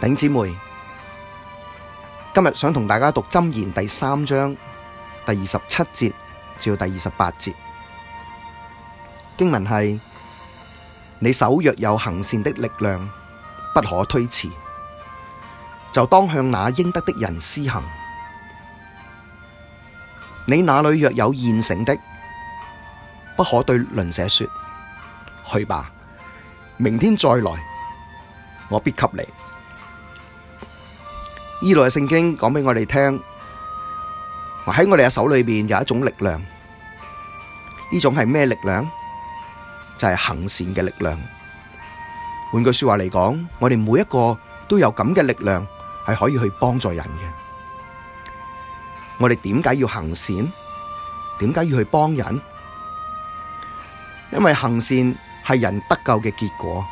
頂姐妹，今日想同大家讀《箴言》第三章第二十七節至第二十八節經文係：你手若有行善的力量，不可推辭，就當向那應得的人施行。你那裏若有現成的，不可對鄰舍說：去吧，明天再來，我必給你。依來聖經講畀我哋聽，喺我哋嘅手裏邊有一種力量，呢種係咩力量？就係行善嘅力量。換句說話嚟講，我哋每一個都有咁嘅力量，係可以去幫助人嘅。我哋點解要行善？點解要去幫人？因為行善係人得救嘅結果。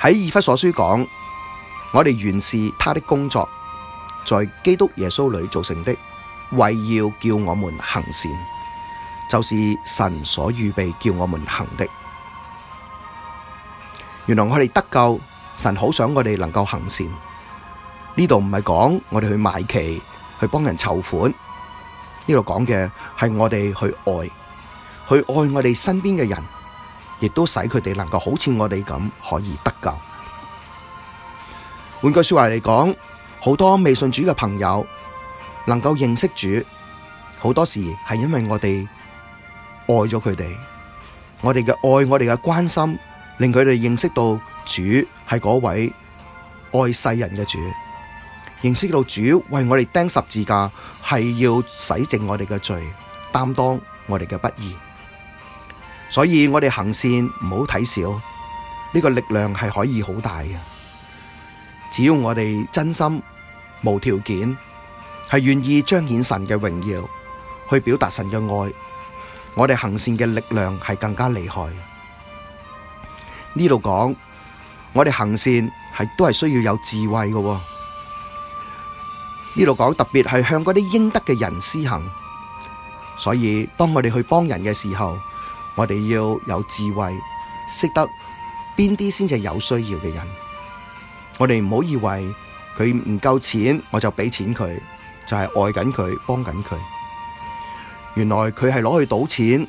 喺以弗所書講。我哋原是他的工作，在基督耶穌裏造成的，為要叫我們行善，就是神所預備叫我們行的。原來我哋得救，神好想我哋能夠行善。呢度唔係講我哋去買旗，去幫人籌款。呢度講嘅係我哋去愛，去愛我哋身邊嘅人，亦都使佢哋能夠好似我哋咁可以得救。換句說話嚟講，好多未信主嘅朋友能夠認識主，好多時係因為我哋愛咗佢哋，我哋嘅愛，我哋嘅關心，令佢哋認識到主係嗰位愛世人嘅主，認識到主為我哋釘十字架，係要洗淨我哋嘅罪，擔當我哋嘅不義。所以我哋行善唔好睇小呢個力量，係可以好大嘅。只要我哋真心、無條件，係願意彰顯神嘅榮耀，去表達神嘅愛，我哋行善嘅力量係更加厲害。呢度講，我哋行善係都係需要有智慧嘅哦。呢度講特別係向嗰啲應得嘅人施行。所以當我哋去幫人嘅時候，我哋要有智慧，識得邊啲先至係有需要嘅人。我哋唔好以為佢唔夠錢，我就俾錢佢，就係愛緊佢，幫緊佢。原來佢係攞去賭錢，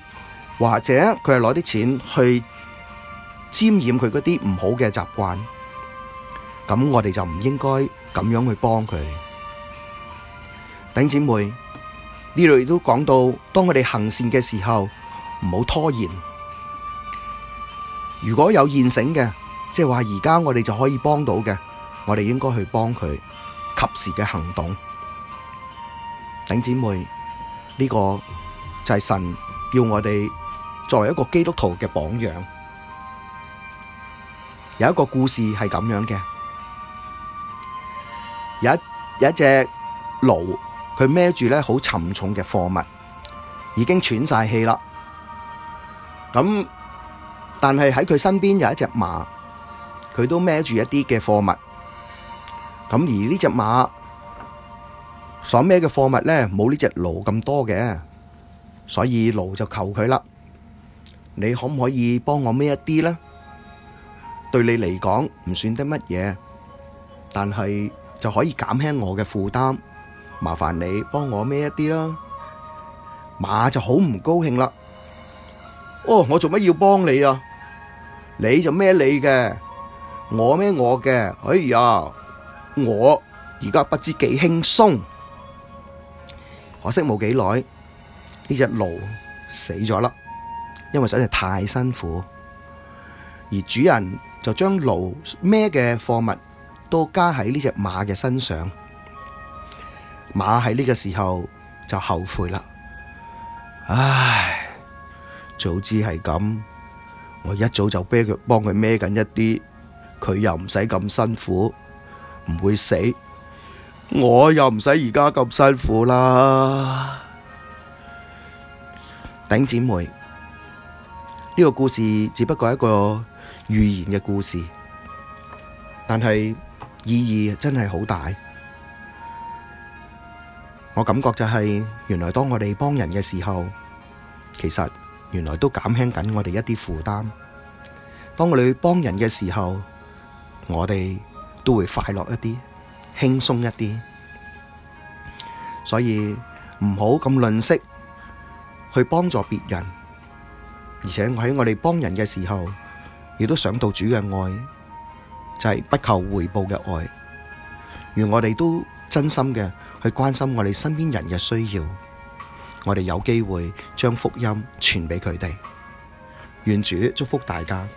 或者佢係攞啲錢去沾染佢嗰啲唔好嘅習慣。咁我哋就唔應該咁樣去幫佢。頂姐妹呢度亦都講到，當我哋行善嘅時候，唔好拖延。如果有現成嘅。即係話而家我哋就可以幫到嘅，我哋應該去幫佢及時嘅行動。頂姊妹，呢個就係神叫我哋作為一個基督徒嘅榜樣。有一個故事係咁樣嘅，有一有一隻驢，佢孭住咧好沉重嘅貨物，已經喘晒氣啦。咁但係喺佢身邊有一隻馬。佢都孭住一啲嘅貨物，咁而呢隻馬所孭嘅貨物咧，冇呢隻驢咁多嘅，所以驢就求佢啦。你可唔可以幫我孭一啲咧？對你嚟講唔算得乜嘢，但係就可以減輕我嘅負擔。麻煩你幫我孭一啲啦。馬就好唔高興啦。哦，我做乜要幫你啊？你就孭你嘅。我咩我嘅，哎呀！我而家不知幾輕鬆，可惜冇幾耐呢隻驢死咗啦，因為實在太辛苦。而主人就將驢孭嘅貨物都加喺呢隻馬嘅身上，馬喺呢個時候就後悔啦！唉，早知係咁，我一早就俾佢幫佢孭緊一啲。佢又唔使咁辛苦，唔會死。我又唔使而家咁辛苦啦。頂姊妹，呢個故事只不過係一個寓言嘅故事，但係意義真係好大。我感覺就係，原來當我哋幫人嘅時候，其實原來都減輕緊我哋一啲負擔。當我哋去幫人嘅時候，我哋都會快樂一啲，輕鬆一啲，所以唔好咁吝嗇，去幫助別人，而且我喺我哋幫人嘅時候，亦都想到主嘅愛，就係、是、不求回報嘅愛。願我哋都真心嘅去關心我哋身邊人嘅需要，我哋有機會將福音傳畀佢哋。願主祝福大家。